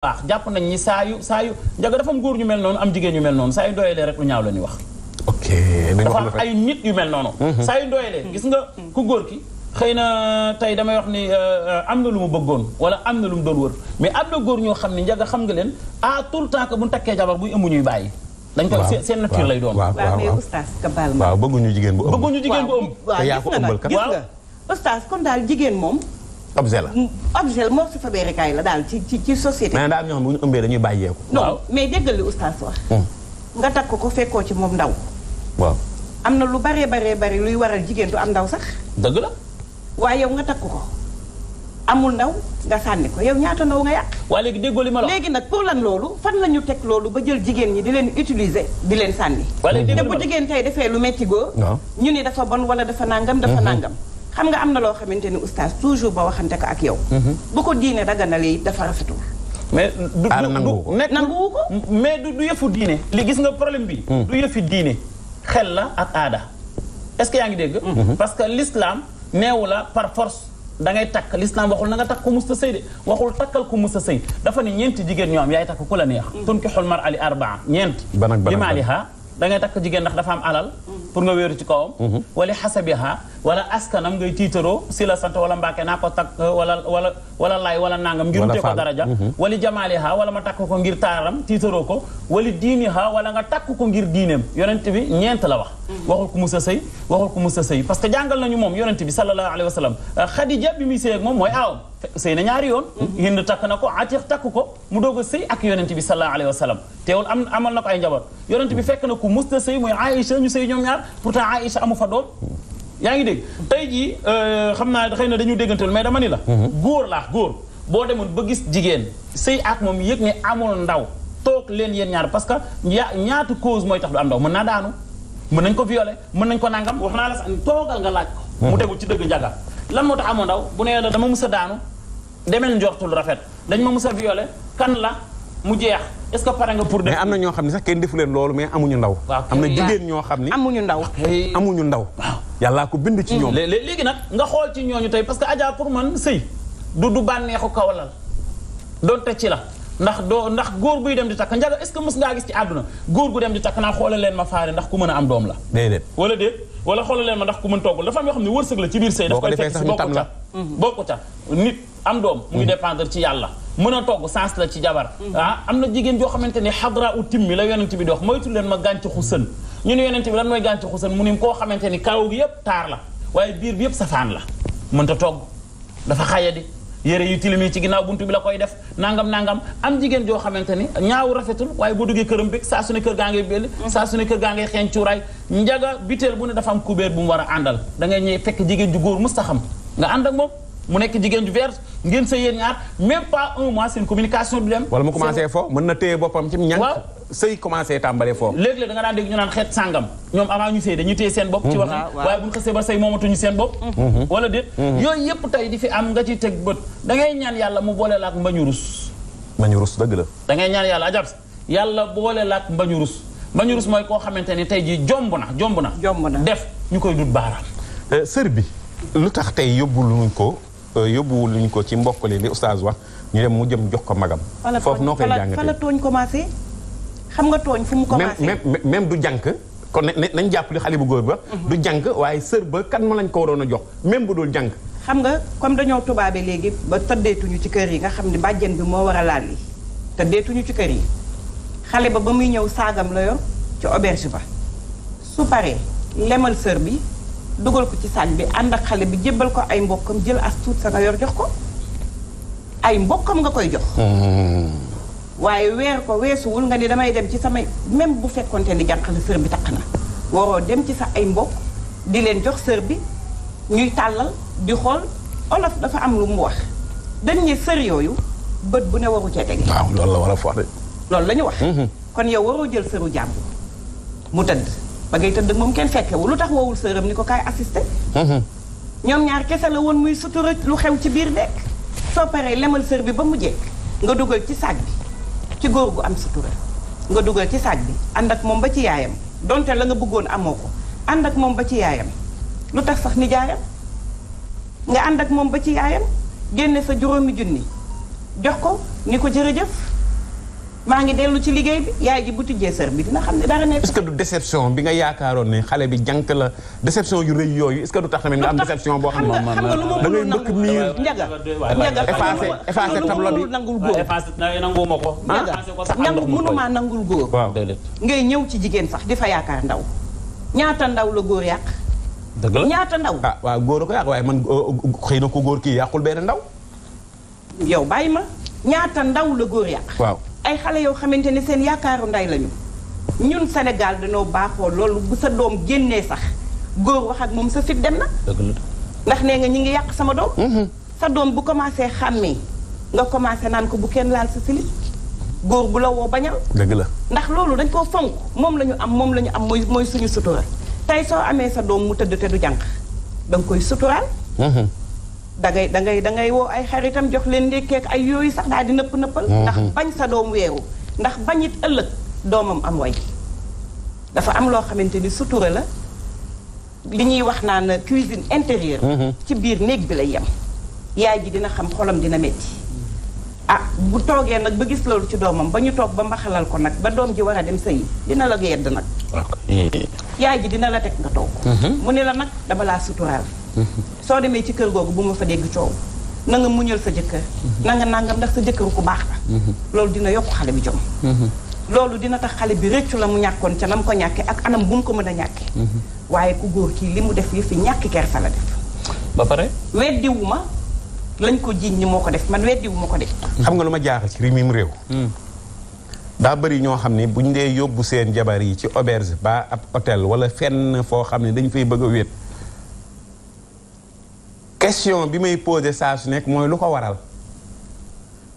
baax jàpp nañ ñi saa yu saa yu njaga dafa góor ñu mel noonu am jigéen ñu mel noonu saa yu doyalee rek lu ñaaw la ñuy wax ok dafa mel noonu mhm. saa yu doyalee gis nga ku góor ki xëy na tey damay wax ni euh, am na lu mu bëggoon wala am na lu mu doon wër mais am la góor ñoo xam ne njaga xam nga leen ah tout le temps bu ñu takkee jabar buy ëmb ñuy bàyyi dañ koy seen nature lay doon waaw mais oustaz ka baal ma bëgguñu jigéen bu ëmb bëgguñu gis nga nag kon daal jigéen moom objet la. objet la morceau fabriqué la daal ci ci ci société. mais daal ñoo xam ne bu ñu ëmbee dañuy bàyyeeku. non mais déggal li oustaz wax. Hmm. nga takk ko fekkoo ci moom ndaw. waaw am na lu baree baree bari luy waral jigéen du am ndaw sax. dëgg la. waaye yow nga takk ko. amul ndaw nga sànni ko yow ñaata ndaw nga yàq. waaye léegi déggoo li ma léegi nag pour lan loolu fan la ñu teg loolu ba jël jigéen ñi di leen utiliser di leen sànni. te bu jigéen tey defee lu métti góor. ñu ni dafa bon wala dafa nangam dafa hmm, hmm. nangam. xam nga am na loo xamante ni oustaz toujours ba waxante ko ak yow. Mhm. bu ko diine daganalee it dafa rafetul. mais du du nanguwu ko mais du du yëfu diine. li gis nga problème bi. Mhm. du yëfi diine xel la ak aada. est-ce yaa ngi dégg. Mhm. parce que l'islam neewu la par force. da ngay takk l'islam waxul na nga takk ko musta sëy de waxul takkal ku musta sëy dafa ne ñeenti jigéen ñoo am yaay takk ko la neex tunkixul mar ali arbaa ñeent bi maaliha da ngay takk jigéen ndax dafa am alal pour nga wéeru ci kawam wala xasabiha wala askanam ngay tiitaroo si la sant wala mbaake naa ko takk euh, wala wala wala laay wala nangam ngir utee ko daraja mhm. wali jamaali ha wala ma takk ko ngir taaram tiitaroo ko wali diini ha wala nga takk ko ngir diineem yonent bi ñeent la wax waxul ko musa sëy waxul ko musa sëy parce que jàngal nañu moom yonent bi sallallahu alayhi wa sallam euh, xadija bi muy sëy moom mooy aawam sëy na ñaari yoon mhm. hind takk na ko atiq takk ko mu doog a sëy ak yonent bi sallallahu alayhi wa sallam teewul am amal na ko ay njaboot yonent bi mhm. fekk na ku musta sëy mooy aïcha ñu sëy ñoom ñaar amu fa doom yaa ngi dégg tey jii euh, xam naa xëy na dañu déggantal mais dama ni la. Mhm. góor laa góor boo demoon ba gis jigéen sëy at moom yëg ne amoon ndaw toog leen yéen ñaar parce que ña ñaata cause mooy tax du am ndaw naa daanu mën nañ ko violer mën nañ ko nangam wax naa la sax toogal nga laaj ko. Mhm. mu degul ci dëgg njaga lan moo tax amoon ndaw bu nee la dama mus a daanu demel njortul rafet dañ ma mus a violer kan la mu jeex. est-ce que pare nga pour mais am na ñoo xam ne sax kenn defu leen mais amuñu ndaw. am na jigéen ñoo xam ni amuñu ndaw amuñu ndaw. yàllaa ko bind ci ñoom. Mm. léegi nag nga xool ci ñooñu tey parce que Adja pour man sëy du du bànneexu kawalal doonte ci la. ndax doo ndax góor guy dem di takk njaga est-ce que mës ngaa gis ci àdduna góor gu dem di takk naa xoolal leen ma faare ndax ku mën a am doom la déedéet wala déet wala xoolal leen ma ndax ku mën toggul dafa am yoo xam ne wërsëg la ci biir sëy daf koy fekk si bokku ca bokku ca nit am doom mu ngi mm. dépendre ci yàlla mën a togg sens la ci jabar mm. ah am na jigéen joo xamante ne xadra u timmi la yonent bi dox moytu leen ma gàncaxu sën ñu ne yonent bi lan mooy gàncaxu san mu ne koo xamante ni kaw yëpp taar la waaye biir bi yëpp safaan la mënta togg dafa xayadi yére yu tilimi ci ginnaaw bunt bi la koy def nangam nangam am jigéen joo xamante ni ñaaw rafetul waaye boo duggee këram bi saa su kër gaa ngay belli saa su ne kër gaa ngay xeeñ cuuraay njaga biteel bu ne dafa am kubéer bu mu war a àndal dangay ngay ñëw fekk jigéen ju góor mustaxam nga àndak moom mu nekk jigéen ju vert ngeen sa yéen ñaar même pas un mois seen communication wala mu commencé fo mën na téye boppam ci ñànk sëy commencé tàmbalee foofu léeg danga daan dégg ñu naan xeet sàngam ñoom avant ñu sëy dañu téye seen bopp ci wax waaye bu ñu xasee ba sëy moomatuñu seen bopp wala déet tey di fi am nga ci teg bët da ngay ñaan yàlla mu boole la ak mbañu rus mbañu rus dëgg la da ngay ñaan yàlla ajab yàlla boole la ak mbañu rus mbañu rus mooy xamante ni tey ji jomb na jomb na jomb na def ñu koy dut baaraam euh, sër bi lu tax tey yóbbu luñ ko euh, yóbbu luñ ko ci mbokk li li oustaz wax ñu dem mu jëm jox ko magam foofu noo koy jàngatee fa tooñ commencé xam nga tooñ fu mu commencé même même du jànk kon nañ jàppale xale bu góor ba mhm. du jànk waaye sër ba kan ma lañ ko waroon a jox même bu dul jànk xam nga comme dañoo tubaabee léegi ba tëddeetuñu ci kër yi nga xam ne bàjjen bi moo war a laal li tëddeetuñu ci kër yi xale ba ba muy ñëw saagam la yor ci oberge ba su paree lemal sër bi dugal ko ci saañ bi ànd ak xale bi jébbal ko ay mbokkam jël as tuut sa nga yor jox ko ay mbokkam nga koy jox mhm. waaye weer ko weesuwul nga ni damay dem ci samay même bu fekkonte ni jànq la bi takk na waroo dem ci sa ay mbokk di leen jox sër bi ñuy tàllal di xool olof dafa am lu mu wax dañ ne sër yooyu bët bu ne waru cee tege waaw loolu la war a wax loolu la ñu wax mm-hmm. kon yow waroo jël sëru jàmbur mu tëdd ba ngay tëdd moom kenn fekkewu lu tax woowul sëram ni ko kaay assisté mm-hmm. ñoom ñaar kese la woon muy sutura lu xew ci biir dekk soo paree lemal sër bi ba mu jekk nga dugal ci saak bi ci góor gu am sutura nga dugal ci saaj bi ànd ak moom ba ci yaayam donte la nga bëggoon amoo ko ànd ak moom ba ci yaayam lu tax sax nijaayam nga ànd ak moom ba ci yaayam génne sa juróomi junni jox ko ni ko jërëjëf maa ngi dellu ci liggéey bi yaay ji bu tijjee sër bi dina xam ne dara nekk. est-ce que du déception bi nga yaakaaroon ne xale bi jànk la déception yu rëy yooyu est-ce que du tax tamit nga am déception boo xam ne moom man da ngay bëgg miir njaga njaga effacé effacé tableau bi nangul góor nangu ma ko njaga nangu mënumaa nangul góor waaw ngay ñëw ci jigéen sax di yaakaar ndaw ñaata ndaw la góor yàq ñaata ndaw ah waaw góor a ko yàq waaye man uh, uh, xëy na ko góor kii yàqul benn ndaw yow bàyyi ma ñaata ndaw la góor yàq waaw ay xale yoo xamante ni seen yaakaaru nday lañu ñun Sénégal dañoo baaxoo loolu bu sa doom génnee sax góor wax ak moom sa fit dem na. ndax nee nga ñi ngi yàq sama doom. Mm-hmm. sa doom bu commencé xàmmee nga commencé naan ko bu kenn laal sa silib góor bu la woo bañal. dëgg la ndax loolu dañ koo fonk moom la ñu am moom la ñu am mooy mooy suñu sutura tey soo amee sa doom mu tëdd te du jànq da nga koy suturaal. Mm-hmm. dangay dangay dangay woo ay xaritam jox leen ndékkeek ay yooyu sax daal di nëpp nëppal mhm. ndax bañ sa doom weeru ndax bañ bañit ëllëg doomam am way dafa am loo xamante ni sutura la li ñuy wax naan cuisine intérieure mhm. ci biir néeg bi lay yem yaay ji dina xam xolam dina metti ah bu toogee nag ba gis loolu ci doomam ba ñu toog ba mbaxalal ko nag ba doom ji war a dem sëyi dina la yedd nag yaay ji dina la teg nga toog mhm. mu ne la nag dama laa suturaal soo demee ci kër googu bu ma fa dégg coow na nga muñal sa jëkkër na nga nangam ndax sa jëkkër ku baax la loolu dina yokk xale bi jom loolu dina tax xale bi rëccu la mu ñàkkoon ca na mu ko ñàkkee ak anam bu mu ko mën a ñàkke waaye ku góor kii li mu def yëf yi ñàkki kersa la def ba pare weddiwu ma lañ ko jiiñ ni moo ko def man weddiwu ma ko de xam nga lu ma jaaxal ci rimim réew hmm. daa bëri ñoo xam ne buñ dee yóbbu seen jabar yi ci auberge ba ab hôtel wala fenn foo xam ne dañ fay bëgg a wéet question bi may posé saa su nekk mooy lu ko waral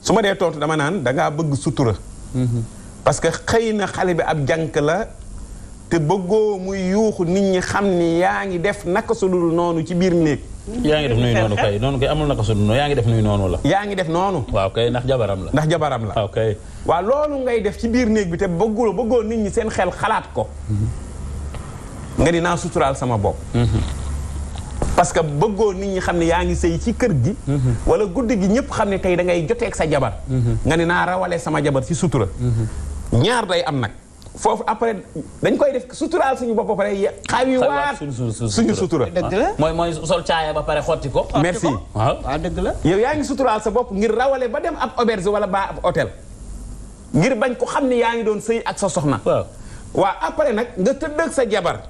su ma dee tontu dama naan dangaa bëgg sutura parce que xëy na xale bi ab jànk la te bëggoo muy yuuxu nit ñi xam ni yaa ngi def naka su noonu ci biir néeg yaa ngi def nuyu noonu kay noonu kay amul naka su dul yaa ngi def nuyu noonu yaa ngi def noonu waaw kay ndax jabaram la ndax jabaram la waaw loolu ngay def ci biir néeg bi te bëgguloo bëggoo nit ñi seen xel xalaat ko mhm. nga ni naa suturaal sama bopp mhm. parce que bëggoo nit ñi xam ne yaa ngi sëy ci kër gi mhm. wala guddi gi ñëpp xam ne tey da ngay joteeg sa jabar mhm. nga ne naa rawalee sama jabar ci sutura mhm. ñaar day am nag foofu après dañ koy def suturaal suñu bopp ba pare xawi waat suñu sutura dëgg la ah. mooy mooy sol caaya ba pare xotti ko merci waaw ah. ah, dëgg la yow yaa ngi suturaal sa bopp ngir rawale ba dem ab auberge wala ba ab hôtel ngir bañ ko xam ne yaa ngi doon sëy ak sa soxna waaw après nag nga tëdd ak sa jabar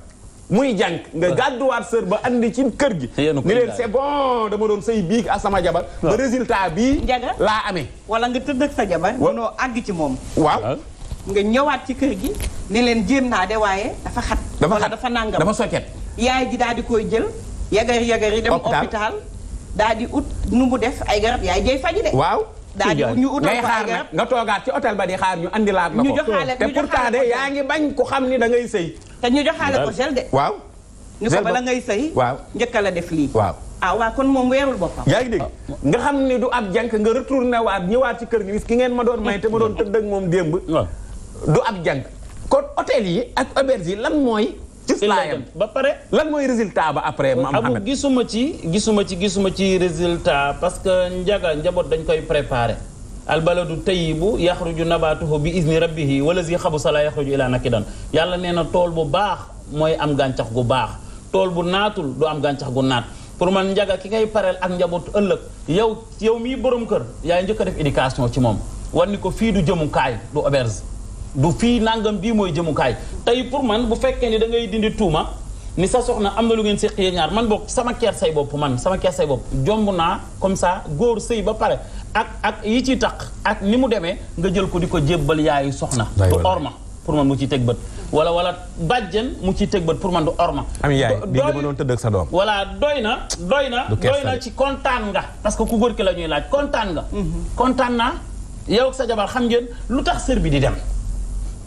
muy jànk nga gàdduwaat sër ba andi ci kër gi ni leen c'est bon dama doon sëy biig ak sama jabar ba résultat bii laa amee wala nga tëdd sa jabar mënoo àgg ci moom waaw nga ñëwaat ci kër gi ne leen jéem naa de waaye dafa xat dafa xat dafa nàngam dafa soccet yaay ji daal di koy jël yagar yagar yi dem hôpital daal di ut nu mu def ay garab yaay jay faji de waaw daal di ñu utal ko ay garab nga toogaat ci hôtel ba di xaar ñu andilaat la ko te pourtant de yaa ngi bañ ku xam ni da ngay sëy te ñu joxaale ko gel de. waaw ñu ko bala ngay sëy waaw njëkka la def lii. waaw ah kon moom weerul boppam. yaa ngi dégg ah. nga xam ne du ab jànk nga retourné waat ñëwaat ci kër gi ki ngeen ma doon may te ma doon tëdd ak moom démb. du ab jànk kon hôtel yi ak auberge yi lan mooy. ba pare lan mooy résultat ba après maam abu gisuma ci gisuma ci gisuma ci résultat parce que njaga njaboot dañ koy préparer albaladu tayyibu yaxruju nabaatuhu bi izni rabbihi wala si xabu sala yaxruju ki nakidan yàlla nee na tool bu baax mooy am gàncax gu baax tool bu naatul du am gàncax gu naat pour man njaga ki ngay pareel ak njabootu ëllëg yow yow mii borom kër yaay njëkk def éducation ci moom war ni ko fii du jëmukaay du auberge du fii nangam bii mooy jëmukaay tey pour man bu fekkee ni da ngay dindi tuuma ni sa soxna am na lu ngeen séq yéen ñaar man bokk sama kersay bopp man sama kersay bopp jomb naa comme ça góor sëy ba pare ak ak yi ciy taq ak ni mu demee nga jël ko di ko jébbal yaayu soxna du orma pour man mu ciy teg bët wala wala bàjjen mu ciy teg bët pour man du orma am yaay bi dama doon sa doom voilà doy na doy na doy na ci kontaan nga parce que ku góor ki la ñuy laaj kontaan nga mm-hmm. kontaan naa yow sa jabar xam ngeen lu tax sër bi di dem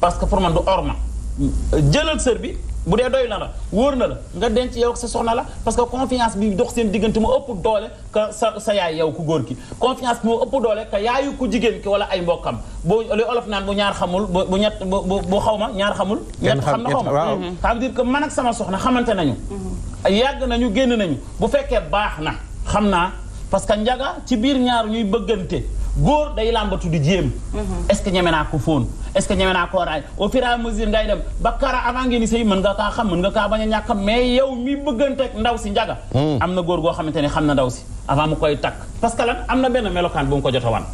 parce que pour man du orma jëlal sër bi bu dee doy na la wóor na la nga denc yow ak sa soxna la parce que confiance bi dox seen diggante mu ëpp doole ka sa sa yaay yow ku góor ki confiance bi mu ëpp doole ka yaayu ku jigéen ki wala ay mbokkam boo li olof naan bu ñaar xamul bu ñett bu xaw ma ñaar xamul ñett xam na xaw ma mm-hmm. ça veut que man ak sama soxna xamante nañu mm-hmm. yàgg nañu génn nañu bu fekkee baax na xam naa parce que njaga ci biir ñaar ñuy bëggante góor day làmbatu di jéem. Mhm. est-ce que ñeme naa ko foon est-ce que ñeme naa ko raay au fur ngay dem ba kara avant ngeen ni sëy mën nga kaa xam mën nga kaa bañ a ñàkk mais yow mi bëgganteeg ndaw si njaga. Hmm. am na góor goo xamante ni xam na ndaw si avant mu koy takk. parce que lan am na benn melokaan bu mu ko jot a wan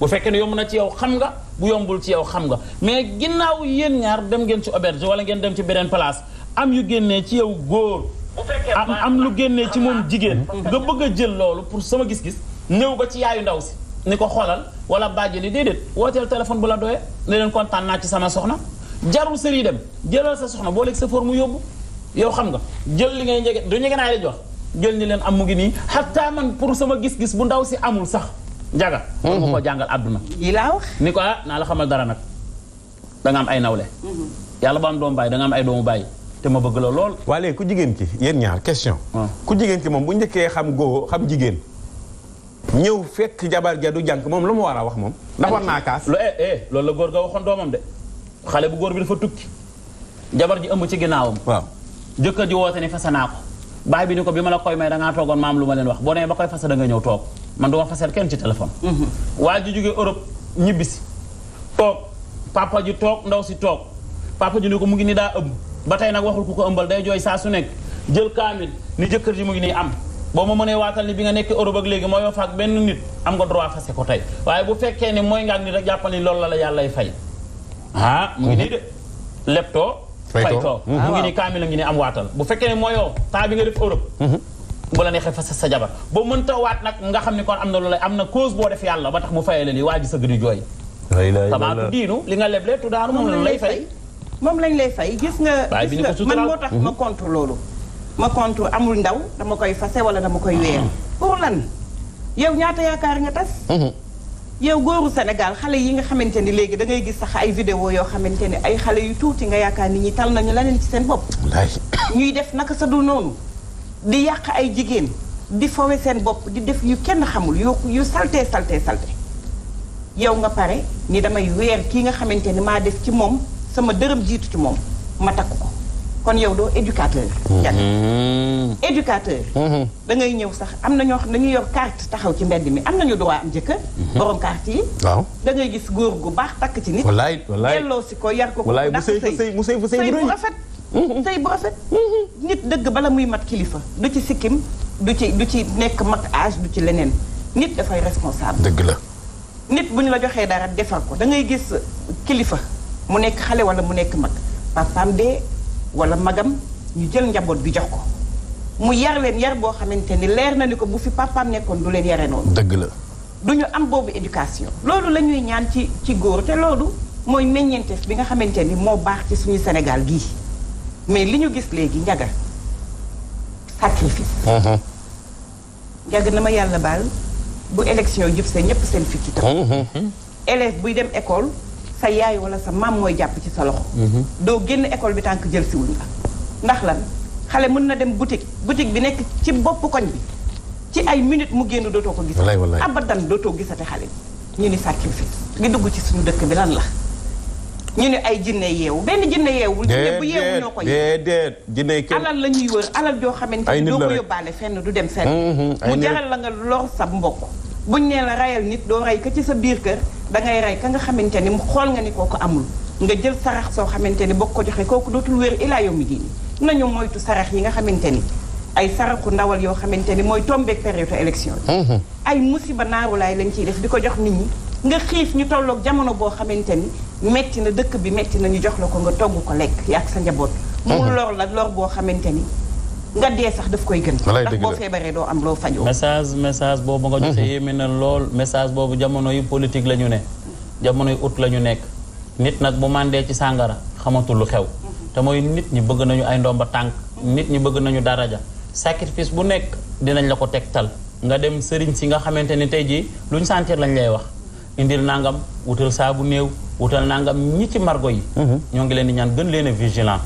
bu fekkee ne yomb na ci yow xam nga bu yombul ci yow xam nga mais ginnaaw yéen ñaar dem ngeen ci auberge wala ngeen dem ci beneen place am yu génnee ci yow góor. am am lu génnee ci moom jigéen. Mhm. nga bëgg a jël loolu pour sama gis-gis ñëw ba ci yaayu ndaw si ni ko xoolal wala bàjj li déedéet wooteel téléphone bu la doyee ne leen kontaan naa ci sama soxna jarul sër dem jëlal sa soxna boo leeg sa for mu yóbbu yow xam nga jël li ngay njege du njegenaay la jox jël ni leen am mu ngi nii xataa man pour sama gis-gis bu ndaw si amul sax njaga war nga koo jàngal àdduna ni ko ah naa la xamal dara nag da nga am ay nawle yàlla ba am doomu bàyyi da am ay doomu bàyyi te ma bëgg la lool waaye ku jigéen ki yéen ñaar question ku jigéen ki moom bu njëkkee xam góo xam jigéen ñëw fekk jabar ja du jànk moom lu mu war a wax moom. ndax war naa kaas. Eh, eh, loolu la góor ga waxoon doomam de xale bu góor bi dafa tukki jabar ji ëmb ci ginnaawam. waaw jëkkër ji woote ne naa ko. bi ni ko bi ma la koy may da ngaa lu ma leen wax boo nee ba koy fasa nga ñëw toog man du ma fasal kenn ci téléphone. Mm-hmm. waa ji jógee Europe ñibbisi. toog papa ji toog ndaw si toog papa ji ni ko mu ngi ni daa ëmb ba tey nag waxul ku ko ëmbal day jooy saa su nekk jël kaamil ni jëkkër ji mu ngi nii am. boo ma mënee waatal ni bi nga nekkee Europe ak léegi mooyoo faak benn nit am nga droit fase ko tey waaye bu fekkee ni mooy nga ak nit rek jàppale ni loolu la la yàllay fay ah mu ngi nii de leptoo faytoo mhm. mu ngi ah, ni kaamil la ngi ni am waatal bu fekkee ne mooyoo temps bi nga def Europe mhm. bu la neexee fase sa jabar boo mënta waat nag nga xam ne kon am na loolu am na cause boo def yàlla ba tax mu fayale lii waa ji sëgg di jooy tamaatu diinu li nga leblee tuddaanu moom lañ lay fay moom lañ lay fay gis nga gis nga man moo tax ma mhm. contre loolu ma contre amul ndaw dama koy fase wala dama koy weer pour lan yow ñaata yaakaar nga tas mhm. yow góoru Sénégal xale yi nga xamante ni léegi da ngay gis sax ay vidéo yoo xamante ni ay xale yu tuuti nga yaakaar nit ñi tal nañu leneen ci seen bopp ñuy def naka sa du noonu di yàq ay jigéen di fowe seen bopp di def yu kenn xamul yu yu salte salté salté yow nga pare ni damay weer kii nga xamante ni maa def ci moom sama dërëm jiitu ci moom ma takk ko kon yow doo éducateur. Mm-hmm. Mm-hmm. éducateur. Mm-hmm. da ngay ñëw sax am na ñoo xam dañuy yor carte taxaw ci mbedd mi am nañu droit am jëkkër. borom carte yi. waaw da gis góor gu baax takk ci nit. wallaay wallaay si ko yar ko. wallaay mu sëy sëy mu sëy bu rafet. sëy bu rafet. nit dëgg bala muy mat kilifa du ci sikkim du ci du ci nekk mag âge du ci leneen nit dafay responsable. dëgg la. nit bu ñu la joxee dara defar ko da ngay gis kilifa mu nekk xale wala mu nekk mag papaam wala magam ñu jël njaboot bi jox ko mu yar leen yar boo xamante ni leer na ni ko bu fi papaam nekkoon du leen yare noonu. dëgg la du ñu am boobu éducation. loolu la ñuy ñaan ci ci góor te loolu mooy meññeenteef bi nga xamante ni moo baax ci suñu senegal gii mais li ñu gis léegi njaga sacrifice. yàgg mm-hmm. na ma yàlla baal bu élection jub see ñëpp seen fikki tam mm-hmm. élève buy dem école. sa yaay wala sa maam mooy jàpp ci sa loxo. Mhm. doo génn école bi tànk jël si wuñ la. ndax lan xale mën na dem boutique boutique bi nekk ci bopp koñ bi ci ay minutes mu génn dootoo ko gis. abadan dootoo gisate xale bi. ñu ni sacrifice li dugg ci suñu dëkk bi lan la. ñu ne ay jinne yeewu benn jinne yeewul. jinne bu yeewu ñoo ko yeewu alal la ñuy wër alal joo xamante ni doo ko yóbbaale fenn du dem fenn. Mhm, mhm. mu jaral la nga lor sa mbokk. buñ nee la rayal nit doo rey ko ci sa biir kër. dangay rey ka nga xamante ni mu xool nga ni kooku amul nga jël sarax soo xamante ni boo ko joxee kooku dootul wér ilaa yow mi diin nañu moytu sarax yi nga xamante ni ay saraxu ndawal yoo xamante ni mooy tombeek période élection yi ay musiba naarulaay lañ ciy def di ko jox nit ñi nga xiif ñu tolloog jamono boo xamante ni metti na dëkk bi metti na ñu jox la ko nga togg ko lekk yaa ak sa njaboot mu lor la lor boo xamante ni nga dee sax daf koy gën. ndax boo feebaree doo am loo fajoo. message message boobu nga joxe mhm. yéeme na lool message boobu jamono yu politique la ñu ne. jamono yu ut la ñu nekk. nit nag bu màndee ci sàngara xamatul lu xew. te mooy nit ñi bëgg nañu ay ndomba tànk. nit ñi bëgg nañu daraja. sacrifice bu nekk dinañ la ko tegtal. nga dem sëriñ si nga xamante ne tey jii luñ sentir lañ lay wax. indil nangam wutal saabu néew wutal nangam ñi ci margo yi. Mhm. ñoo ngi leen di ñaan gën leen a vigilant.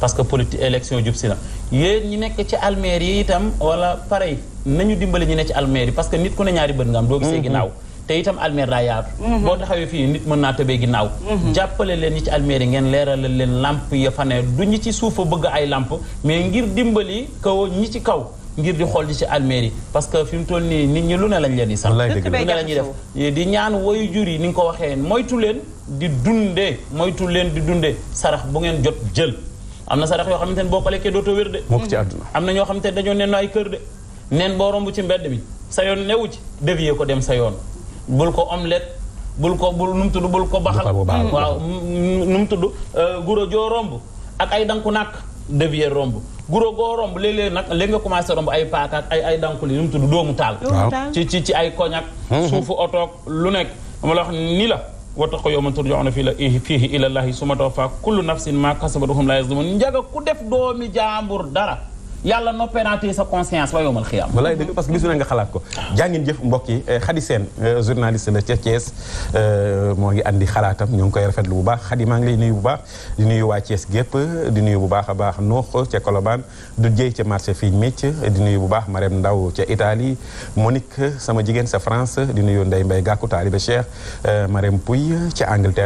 parce que politique élection jub si na yéen ñi nekk ci almeer yi itam wala pareil nañu dimbali ñu ne ci almeer yi parce que nit ku ne ñaari bët nga am doo gisee mhm. ginnaaw te itam almeer daa yaatu mhm. boo taxawee fii nit mën naa tëbee ginnaaw mhm. jàppale leen ñi ci almeer yi ngeen leeral leeralal leen làmp ya fa ne du ñi ci suufa bëgg ay làmp mais ngir dimbali kaw ñi ci kaw ngir di xool di ci yi parce que fi mu toll nii nit ñi lu ne lañ leen di sax lu ne la ñuy def di ñaan woyu jur ni ko waxee moytu leen di dundee moytu leen di dundee sarax bu ngeen jot jël am na sarax yoo xamante ne boo ko lekkee dootoo wér de. am na ñoo xamante ne dañoo nen ay kër de. nen boo romb ci mbedd mi sa yoon newu ci dévier ko dem sa yoon bul ko omelette bul ko bul nu mu tudd bul ko baxal waaw nu mu tudd euh, guro joo romb ak ay danku nàkk dévier romb guro goo romb léeg-léeg nag léegi nga commencé romb ay paaka ak ay ay danku li nu mu tudd doomu taal ci ci ci ay koñak suufu otoog lu nekk ma la wax nii la wattaqu yawman turja'una fiihi ila llahi summa tuwaffa kullu nafsin ma kasabat wa hum la yuzlamun njaga ku def doomi jaambur dara yàlla noppee naa téye sa conscience ba yomal xiyaam. walaay dëgg parce que gisu na nga xalaat ko. jaa ngeen jëf mbokk yi eh, Khady Sène eh, journaliste la ca Thiès eh, moo ngi andi xalaatam ñoo ngi koy rafetlu bu baax Khady maa ngi lay nuyu bu baax di nuyu waa Thiès gépp di nuyu bu baax a baax Noox ca Colobane du Dieye ca marché fii Méthié di nuyu bu baax Marème Ndaw ca Italie Monique sama jigéen sa France di nuyu Ndeye mbay Gakou taaliba Cheikh Marème Pouy ca Angleterre.